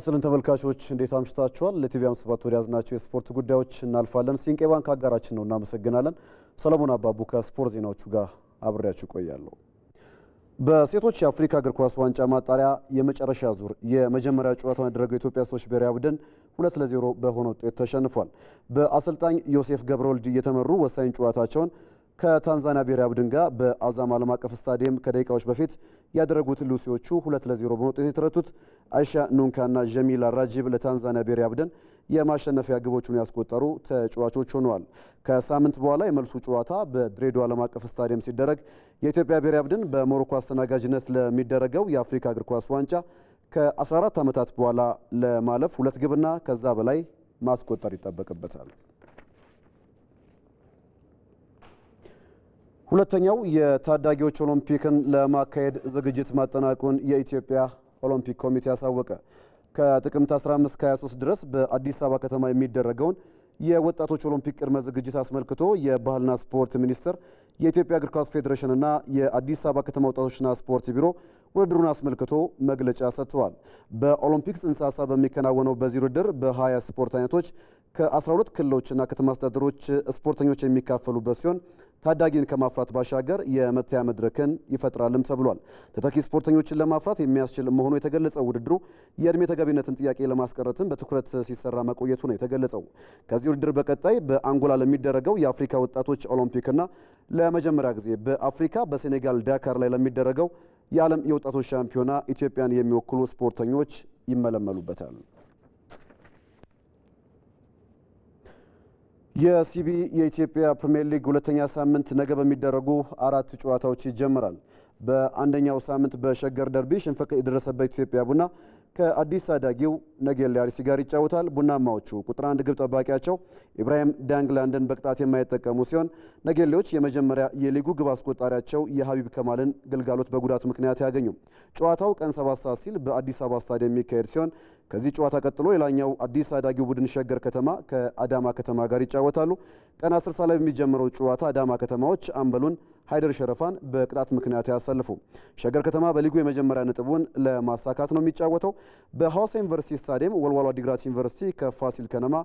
ጤናስልን ተመልካቾች እንዴት አምሽታችኋል? ለቲቪ አምስት ወደ ያዝናቸው የስፖርት ጉዳዮች እናልፋለን። ሲንቄ ባንክ አጋራችን ነው፣ እናመሰግናለን። ሰለሞን አባቡ ከስፖርት ዜናዎቹ ጋር አብሬያችሁ ቆያለሁ። በሴቶች የአፍሪካ እግር ኳስ ዋንጫ ማጣሪያ የመጨረሻ ዙር የመጀመሪያ ጨዋታውን ያደረገው የኢትዮጵያ ሴቶች ብሔራዊ ቡድን ሁለት ለዜሮ በሆነ ውጤት ተሸንፏል። በአሰልጣኝ ዮሴፍ ገብረወልድ እየተመሩ ወሳኝ ጨዋታቸውን ከታንዛኒያ ብሔራዊ ቡድን ጋር በአዛም ዓለም አቀፍ ስታዲየም ከደቂቃዎች በፊት ያደረጉት ሉሲዎቹ ሁለት ለዜሮ በሆነ ውጤት የተረቱት አይሻ ኑንካና ጀሚላ ራጂብ ለታንዛኒያ ብሔራዊ ቡድን የማሸነፊያ ግቦቹን ያስቆጠሩ ተጫዋቾች ሆነዋል። ከሳምንት በኋላ የመልሱ ጨዋታ በድሬዳዋ ዓለም አቀፍ ስታዲየም ሲደረግ የኢትዮጵያ ብሔራዊ ቡድን በሞሮኮ አስተናጋጅነት ለሚደረገው የአፍሪካ እግር ኳስ ዋንጫ ከ14 ዓመታት በኋላ ለማለፍ ሁለት ግብና ከዛ በላይ ማስቆጠር ይጠበቅበታል። ሁለተኛው የታዳጊዎች ኦሎምፒክን ለማካሄድ ዝግጅት ማጠናቁን የኢትዮጵያ ኦሎምፒክ ኮሚቴ አሳወቀ። ከጥቅምት 15 23 ድረስ በአዲስ አበባ ከተማ የሚደረገውን የወጣቶች ኦሎምፒክ ቅድመ ዝግጅት አስመልክቶ የባህልና ስፖርት ሚኒስቴር፣ የኢትዮጵያ እግር ኳስ ፌዴሬሽን የአዲስ አበባ ከተማ ወጣቶችና ስፖርት ቢሮ ውድድሩን አስመልክቶ መግለጫ ሰጥተዋል። በኦሎምፒክ ጽንሰ ሀሳብ በሚከናወነው በዚህ ውድድር በ20 ስፖርት አይነቶች ከ12 ክልሎችና ከተማ አስተዳደሮች ስፖርተኞች የሚካፈሉበት ሲሆን ታዳጊን ከማፍራት ባሻገር የመተያ መድረክን ይፈጥራልም ተብሏል። ተተኪ ስፖርተኞችን ለማፍራት የሚያስችል መሆኑ የተገለጸው ውድድሩ የእድሜ ተገቢነትን ጥያቄ ለማስቀረትም በትኩረት ሲሰራ መቆየቱ ነው የተገለጸው። ከዚህ ውድድር በቀጣይ በአንጎላ ለሚደረገው የአፍሪካ ወጣቶች ኦሎምፒክና ለመጀመሪያ ጊዜ በአፍሪካ በሴኔጋል ዳካር ላይ ለሚደረገው የዓለም የወጣቶች ሻምፒዮና ኢትዮጵያን የሚወክሉ ስፖርተኞች ይመለመሉበታል። የሲቢ የኢትዮጵያ ፕሪምየር ሊግ ሁለተኛ ሳምንት ነገ በሚደረጉ አራት ጨዋታዎች ይጀምራል። በአንደኛው ሳምንት በሸገር ደርቢ ሽንፈት የደረሰበት ኢትዮጵያ ቡና ከአዲስ ታዳጊው ነጌሌ አርሲ ጋር ይጫወታል። ቡናማዎቹ ቁጥር አንድ ግብ ጠባቂያቸው ኢብራሂም ዳንግላንድን በቅጣት የማይጠቀሙ ሲሆን ነጌሌዎች የመጀመሪያ የሊጉ ግብ አስቆጣሪያቸው የሀቢብ ከማልን ግልጋሎት በጉዳት ምክንያት ያገኙ ጨዋታው ቀን ሰባት ሰዓት ሲል በአዲስ አበባ ስታዲየም የሚካሄድ ሲሆን ከዚህ ጨዋታ ቀጥሎ ሌላኛው አዲስ አዳጊው ቡድን ሸገር ከተማ ከአዳማ ከተማ ጋር ይጫወታሉ። ቀን አስር ሰዓት ላይ በሚጀምረው ጨዋታ አዳማ ከተማዎች አምበሉን ሀይደር ሸረፋን በቅጣት ምክንያት ያሰልፉ። ሸገር ከተማ በሊጉ የመጀመሪያ ነጥቡን ለማሳካት ነው የሚጫወተው። በሐዋሳ ዩኒቨርሲቲ ስታዲየም ወልዋሎ ዓዲግራት ዩኒቨርሲቲ ከፋሲል ከነማ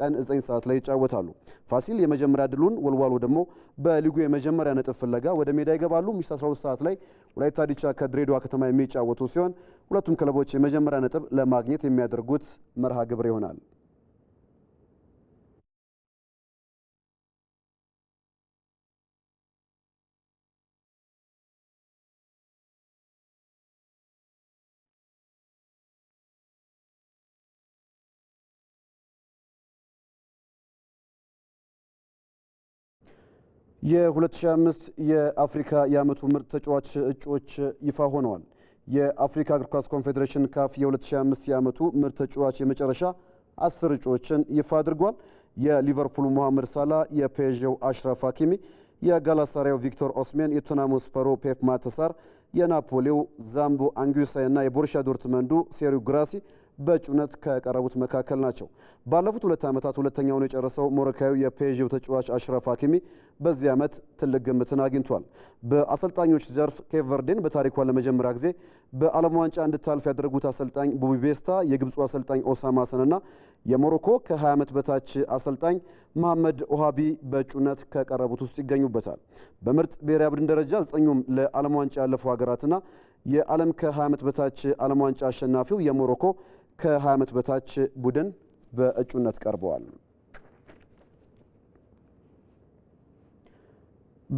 ቀን 9 ሰዓት ላይ ይጫወታሉ። ፋሲል የመጀመሪያ ድሉን፣ ወልዋሎ ደግሞ በሊጉ የመጀመሪያ ነጥብ ፍለጋ ወደ ሜዳ ይገባሉ። ምሽት 12 ሰዓት ላይ ወላይታ ዲቻ ከድሬዳዋ ከተማ የሚጫወቱ ሲሆን ሁለቱም ክለቦች የመጀመሪያ ነጥብ ለማግኘት የሚያደርጉት መርሃ ግብር ይሆናል። የ2005 የአፍሪካ የዓመቱ ምርጥ ተጫዋች እጩዎች ይፋ ሆነዋል። የአፍሪካ እግር ኳስ ኮንፌዴሬሽን ካፍ የ2005 የዓመቱ ምርጥ ተጫዋች የመጨረሻ አስር እጩዎችን ይፋ አድርጓል። የሊቨርፑል ሞሐመድ ሳላ፣ የፔዥው አሽራፍ ሀኪሚ፣ የጋላሳሪያው ቪክቶር ኦስሜን፣ የቶተንሃም ስፐሮ ፔፕ ማተሳር፣ የናፖሊው ዛምቦ አንጉሳ እና የቦርሻ ዶርትመንዱ ሴሪው ግራሲ በእጩነት ከቀረቡት መካከል ናቸው። ባለፉት ሁለት ዓመታት ሁለተኛውን የጨረሰው ሞሮካዊ የፔዥው ተጫዋች አሽረፍ ሀኪሚ በዚህ ዓመት ትልቅ ግምትን አግኝቷል። በአሰልጣኞች ዘርፍ ኬቨርዴን በታሪኳ ለመጀመሪያ ጊዜ በዓለም ዋንጫ እንድታልፍ ያደረጉት አሰልጣኝ ቡቢ ቤስታ፣ የግብፁ አሰልጣኝ ኦሳማ ሰንና የሞሮኮ ከ20 ዓመት በታች አሰልጣኝ መሐመድ ኦሃቢ በእጩነት ከቀረቡት ውስጥ ይገኙበታል። በምርጥ ብሔራዊ ቡድን ደረጃ ዘጠኙም ለዓለም ዋንጫ ያለፉ ሀገራትና የዓለም ከ20 ዓመት በታች ዓለም ዋንጫ አሸናፊው የሞሮኮ ከ20 ዓመት በታች ቡድን በእጩነት ቀርበዋል።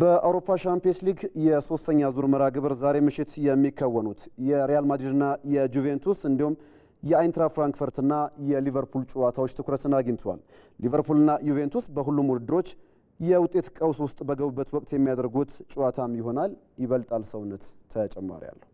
በአውሮፓ ሻምፒየንስ ሊግ የሶስተኛ ዙር መርሃ ግብር ዛሬ ምሽት የሚከወኑት የሪያል ማድሪድና የጁቬንቱስ እንዲሁም የአይንትራ ፍራንክፈርትና የሊቨርፑል ጨዋታዎች ትኩረትን አግኝተዋል። ሊቨርፑልና ዩቬንቱስ በሁሉም ውድድሮች የውጤት ቀውስ ውስጥ በገቡበት ወቅት የሚያደርጉት ጨዋታም ይሆናል። ይበልጣል ሰውነት ተጨማሪ አለው።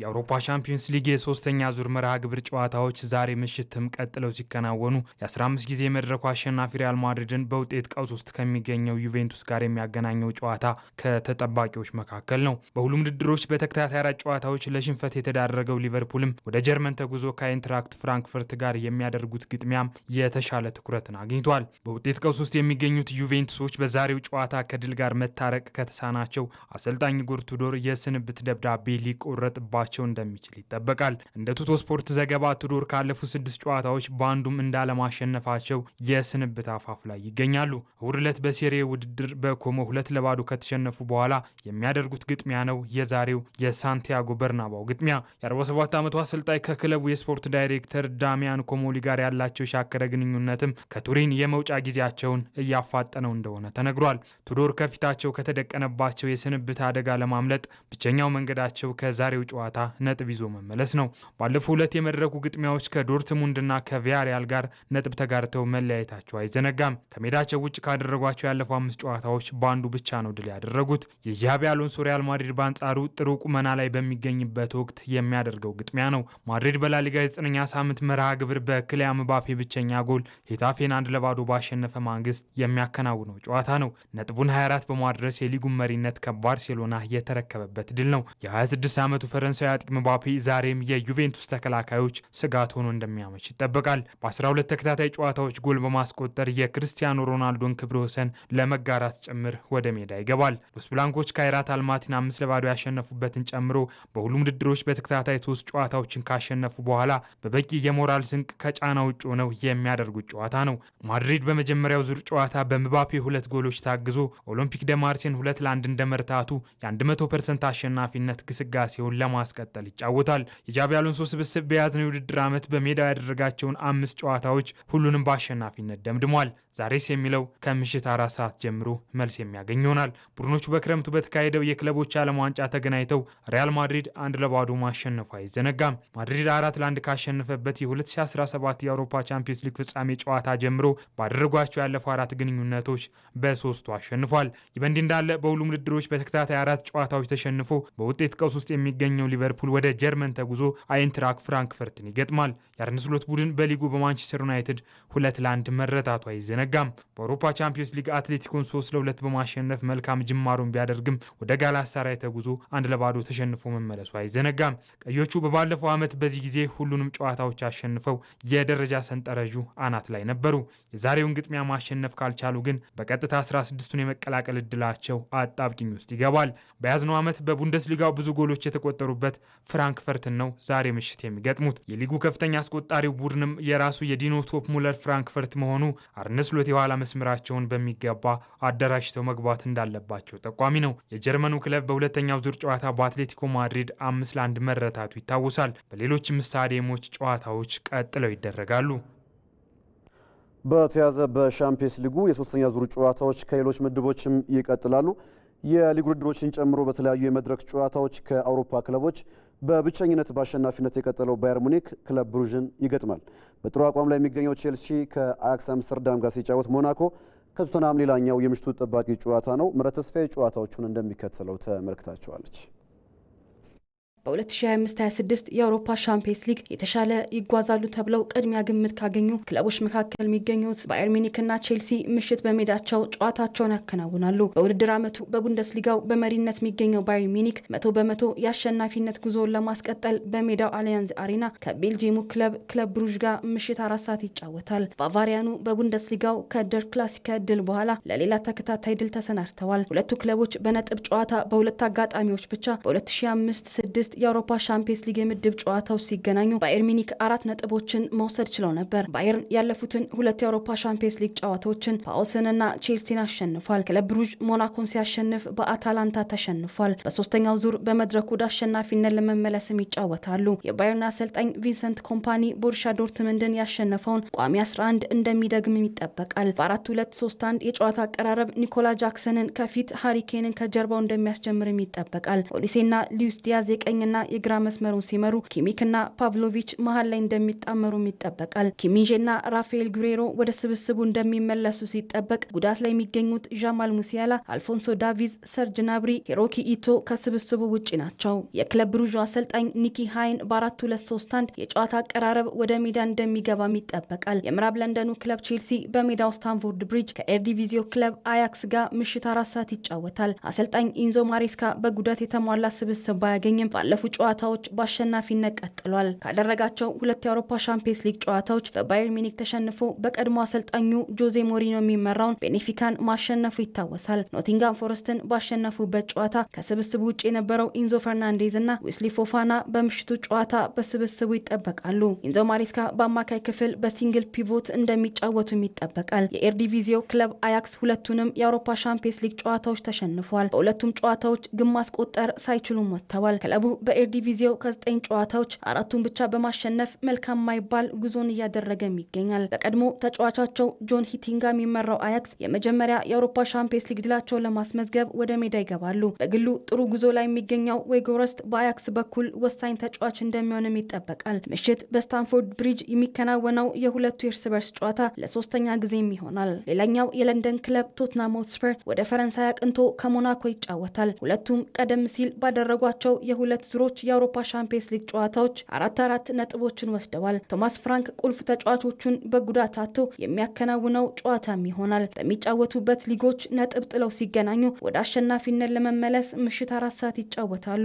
የአውሮፓ ሻምፒዮንስ ሊግ የሶስተኛ ዙር መርሃ ግብር ጨዋታዎች ዛሬ ምሽትም ቀጥለው ሲከናወኑ የ15 ጊዜ መድረኩ አሸናፊ ሪያል ማድሪድን በውጤት ቀውስ ውስጥ ከሚገኘው ዩቬንቱስ ጋር የሚያገናኘው ጨዋታ ከተጠባቂዎች መካከል ነው። በሁሉም ውድድሮች በተከታታይ አራት ጨዋታዎች ለሽንፈት የተዳረገው ሊቨርፑልም ወደ ጀርመን ተጉዞ ከአይንትራክት ፍራንክፈርት ጋር የሚያደርጉት ግጥሚያም የተሻለ ትኩረትን አግኝቷል። በውጤት ቀውስ ውስጥ የሚገኙት ዩቬንቱሶች በዛሬው ጨዋታ ከድል ጋር መታረቅ ከተሳናቸው አሰልጣኝ ጎርቱዶር የስንብት ደብዳቤ ሊቆረጥባቸው ሊኖራቸው እንደሚችል ይጠበቃል። እንደ ቱቶ ስፖርት ዘገባ ቱዶር ካለፉት ስድስት ጨዋታዎች በአንዱም እንዳለማሸነፋቸው የስንብት አፋፍ ላይ ይገኛሉ። እሁድ ዕለት በሴሬ ውድድር በኮሞ ሁለት ለባዶ ከተሸነፉ በኋላ የሚያደርጉት ግጥሚያ ነው የዛሬው የሳንቲያጎ በርናባው ግጥሚያ። የ47 ዓመቱ አሰልጣኝ ከክለቡ የስፖርት ዳይሬክተር ዳሚያን ኮሞሊ ጋር ያላቸው ሻከረ ግንኙነትም ከቱሪን የመውጫ ጊዜያቸውን እያፋጠነው እንደሆነ ተነግሯል። ቱዶር ከፊታቸው ከተደቀነባቸው የስንብት አደጋ ለማምለጥ ብቸኛው መንገዳቸው ከዛሬው ጨዋታ ጨዋታ ነጥብ ይዞ መመለስ ነው። ባለፉ ሁለት የመድረኩ ግጥሚያዎች ከዶርትሙንድና ከቪያሪያል ጋር ነጥብ ተጋርተው መለያየታቸው አይዘነጋም። ከሜዳቸው ውጭ ካደረጓቸው ያለፉ አምስት ጨዋታዎች በአንዱ ብቻ ነው ድል ያደረጉት። የዣቢ አሎንሶ ሪያል ማድሪድ በአንጻሩ ጥሩ ቁመና ላይ በሚገኝበት ወቅት የሚያደርገው ግጥሚያ ነው። ማድሪድ በላሊጋ የዘጠነኛ ሳምንት መርሃ ግብር በክሊያ ምባፔ ብቸኛ ጎል ሄታፌን አንድ ለባዶ ባሸነፈ ማንግስት የሚያከናውነው ጨዋታ ነው። ነጥቡን 24 በማድረስ የሊጉን መሪነት ከባርሴሎና የተረከበበት ድል ነው። የ26 ዓመቱ ፈረንሳዊ ሳያጥቅ ምባፔ ዛሬም የዩቬንቱስ ተከላካዮች ስጋት ሆኖ እንደሚያመች ይጠበቃል። በ12 ተከታታይ ጨዋታዎች ጎል በማስቆጠር የክርስቲያኖ ሮናልዶን ክብረ ወሰን ለመጋራት ጭምር ወደ ሜዳ ይገባል። ሎስ ብላንኮች ካይራት አልማቲን አምስት ለባዶ ያሸነፉበትን ጨምሮ በሁሉም ውድድሮች በተከታታይ ሶስት ጨዋታዎችን ካሸነፉ በኋላ በበቂ የሞራል ስንቅ ከጫና ውጭ ሆነው የሚያደርጉት ጨዋታ ነው። ማድሪድ በመጀመሪያው ዙር ጨዋታ በምባፔ ሁለት ጎሎች ታግዞ ኦሎምፒክ ደማርሴን ሁለት ለአንድ እንደመርታቱ የ100 ፐርሰንት አሸናፊነት ግስጋሴውን ለማስ ለማስቀጠል ይጫወታል። የጃቢ አሎንሶ ስብስብ በያዝነው የውድድር ዓመት በሜዳ ያደረጋቸውን አምስት ጨዋታዎች ሁሉንም በአሸናፊነት ደምድሟል። ዛሬስ የሚለው ከምሽት አራት ሰዓት ጀምሮ መልስ የሚያገኝ ይሆናል። ቡድኖቹ በክረምቱ በተካሄደው የክለቦች ዓለም ዋንጫ ተገናኝተው ሪያል ማድሪድ አንድ ለባዶ ማሸነፉ አይዘነጋም። ማድሪድ አራት ለአንድ ካሸነፈበት የ2017 የአውሮፓ ቻምፒዮንስ ሊግ ፍጻሜ ጨዋታ ጀምሮ ባደረጓቸው ያለፈው አራት ግንኙነቶች በሶስቱ አሸንፏል። ይህ በእንዲህ እንዳለ በሁሉም ውድድሮች በተከታታይ አራት ጨዋታዎች ተሸንፎ በውጤት ቀውስ ውስጥ የሚገኘው ሊቨ ሊቨርፑል ወደ ጀርመን ተጉዞ አይንትራክ ፍራንክፈርትን ይገጥማል። የአርነ ስሎት ቡድን በሊጉ በማንቸስተር ዩናይትድ ሁለት ለአንድ መረታቱ አይዘነጋም። በአውሮፓ ቻምፒዮንስ ሊግ አትሌቲኮን ሶስት ለሁለት በማሸነፍ መልካም ጅማሩን ቢያደርግም ወደ ጋላታሳራይ ተጉዞ አንድ ለባዶ ተሸንፎ መመለሱ አይዘነጋም። ቀዮቹ በባለፈው ዓመት በዚህ ጊዜ ሁሉንም ጨዋታዎች አሸንፈው የደረጃ ሰንጠረዡ አናት ላይ ነበሩ። የዛሬውን ግጥሚያ ማሸነፍ ካልቻሉ ግን በቀጥታ 16ቱን የመቀላቀል እድላቸው አጣብቂኝ ውስጥ ይገባል። በያዝነው ዓመት በቡንደስሊጋው ብዙ ጎሎች የተቆጠሩበት በሚገኙበት ፍራንክፈርትን ነው ዛሬ ምሽት የሚገጥሙት። የሊጉ ከፍተኛ አስቆጣሪው ቡድንም የራሱ የዲኖ ቶፕ ሙለር ፍራንክፈርት መሆኑ አርነ ስሎት የኋላ መስመራቸውን በሚገባ አደራጅተው መግባት እንዳለባቸው ጠቋሚ ነው። የጀርመኑ ክለብ በሁለተኛው ዙር ጨዋታ በአትሌቲኮ ማድሪድ አምስት ለአንድ መረታቱ ይታወሳል። በሌሎችም ስታዲየሞች ጨዋታዎች ቀጥለው ይደረጋሉ። በተያዘ በሻምፒየንስ ሊጉ የሶስተኛ ዙር ጨዋታዎች ከሌሎች ምድቦችም ይቀጥላሉ። የሊግ ውድድሮችን ጨምሮ በተለያዩ የመድረክ ጨዋታዎች ከአውሮፓ ክለቦች በብቸኝነት በአሸናፊነት የቀጠለው ባየር ሙኒክ ክለብ ብሩዥን ይገጥማል። በጥሩ አቋም ላይ የሚገኘው ቼልሲ ከአያክስ አምስተርዳም ጋር ሲጫወት፣ ሞናኮ ከቶተንሃም ሌላኛው የምሽቱ ጠባቂ ጨዋታ ነው። ምረት ተስፋዬ ጨዋታዎቹን እንደሚከተለው ተመልክታቸዋለች። በ2025/26 የአውሮፓ ሻምፒየንስ ሊግ የተሻለ ይጓዛሉ ተብለው ቅድሚያ ግምት ካገኙ ክለቦች መካከል የሚገኙት ባየር ሚኒክና ቼልሲ ምሽት በሜዳቸው ጨዋታቸውን ያከናውናሉ። በውድድር ዓመቱ በቡንደስሊጋው በመሪነት የሚገኘው ባየር ሚኒክ መቶ በመቶ የአሸናፊነት ጉዞውን ለማስቀጠል በሜዳው አሊያንዝ አሬና ከቤልጂየሙ ክለብ ክለብ ብሩዥ ጋር ምሽት አራት ሰዓት ይጫወታል። ባቫሪያኑ በቡንደስሊጋው ከደር ክላሲከ ድል በኋላ ለሌላ ተከታታይ ድል ተሰናድተዋል። ሁለቱ ክለቦች በነጥብ ጨዋታ በሁለት አጋጣሚዎች ብቻ በ2005/6 የአውሮፓ ሻምፒየንስ ሊግ የምድብ ጨዋታው ሲገናኙ ባየር ሚኒክ አራት ነጥቦችን መውሰድ ችለው ነበር። ባየርን ያለፉትን ሁለት የአውሮፓ ሻምፒየንስ ሊግ ጨዋታዎችን ፓኦስንና ቼልሲን አሸንፏል። ክለብ ሞናኮን ሲያሸንፍ በአታላንታ ተሸንፏል። በሶስተኛው ዙር በመድረኩ ወደ አሸናፊነት ለመመለስም ይጫወታሉ። የባየርን አሰልጣኝ ቪንሰንት ኮምፓኒ ቦሩሺያ ዶርትምንድን ያሸነፈውን ቋሚ 11 እንደሚደግምም ይጠበቃል። በአራት ሁለት ሶስት አንድ የጨዋታ አቀራረብ ኒኮላ ጃክሰንን ከፊት ሃሪኬንን ከጀርባው እንደሚያስጀምርም ይጠበቃል። ኦዲሴና ሉዊስ ዲያዝ የቀኝ ቀኝና የግራ መስመሩን ሲመሩ ኪሚክና ፓቭሎቪች መሀል ላይ እንደሚጣመሩም ይጠበቃል። ኪሚንጄና ራፋኤል ጉሬሮ ወደ ስብስቡ እንደሚመለሱ ሲጠበቅ ጉዳት ላይ የሚገኙት ዣማል ሙሲያላ፣ አልፎንሶ ዳቪዝ፣ ሰርጅ ናብሪ፣ ሄሮኪ ኢቶ ከስብስቡ ውጪ ናቸው። የክለብ ብሩዥ አሰልጣኝ ኒኪ ሃይን በአራት ሁለት ሶስት አንድ የጨዋታ አቀራረብ ወደ ሜዳ እንደሚገባም ይጠበቃል። የምዕራብ ለንደኑ ክለብ ቼልሲ በሜዳው ስታንፎርድ ብሪጅ ከኤርዲቪዚዮ ክለብ አያክስ ጋር ምሽት አራት ሰዓት ይጫወታል። አሰልጣኝ ኢንዞ ማሬስካ በጉዳት የተሟላ ስብስብ ባያገኝም ባለፉት ጨዋታዎች በአሸናፊነት ቀጥሏል። ካደረጋቸው ሁለት የአውሮፓ ሻምፒየንስ ሊግ ጨዋታዎች በባየር ሚኒክ ተሸንፎ በቀድሞ አሰልጣኙ ጆዜ ሞሪኖ የሚመራውን ቤኔፊካን ማሸነፉ ይታወሳል። ኖቲንጋም ፎረስትን ባሸነፉበት ጨዋታ ከስብስቡ ውጭ የነበረው ኢንዞ ፈርናንዴዝ እና ዊስሊ ፎፋና በምሽቱ ጨዋታ በስብስቡ ይጠበቃሉ። ኢንዞ ማሬስካ በአማካይ ክፍል በሲንግል ፒቮት እንደሚጫወቱም ይጠበቃል። የኤርዲቪዚዮ ክለብ አያክስ ሁለቱንም የአውሮፓ ሻምፒየንስ ሊግ ጨዋታዎች ተሸንፏል። በሁለቱም ጨዋታዎች ግብ ማስቆጠር ሳይችሉም ወጥተዋል። ክለቡ በኤርዲቪዜው ከዘጠኝ ጨዋታዎች አራቱን ብቻ በማሸነፍ መልካም ማይባል ጉዞን እያደረገም ይገኛል። በቀድሞ ተጫዋቻቸው ጆን ሂቲንጋ የሚመራው አያክስ የመጀመሪያ የአውሮፓ ሻምፒየንስ ሊግ ድላቸውን ለማስመዝገብ ወደ ሜዳ ይገባሉ። በግሉ ጥሩ ጉዞ ላይ የሚገኘው ዌጎረስት በአያክስ በኩል ወሳኝ ተጫዋች እንደሚሆንም ይጠበቃል። ምሽት በስታንፎርድ ብሪጅ የሚከናወነው የሁለቱ የእርስ በርስ ጨዋታ ለሶስተኛ ጊዜም ይሆናል። ሌላኛው የለንደን ክለብ ቶትናም ሆትስፐር ወደ ፈረንሳይ አቅንቶ ከሞናኮ ይጫወታል። ሁለቱም ቀደም ሲል ባደረጓቸው የሁለት ዙሮች የአውሮፓ ሻምፒየንስ ሊግ ጨዋታዎች አራት አራት ነጥቦችን ወስደዋል። ቶማስ ፍራንክ ቁልፍ ተጫዋቾቹን በጉዳት አቶ የሚያከናውነው ጨዋታም ይሆናል። በሚጫወቱበት ሊጎች ነጥብ ጥለው ሲገናኙ ወደ አሸናፊነት ለመመለስ ምሽት አራት ሰዓት ይጫወታሉ።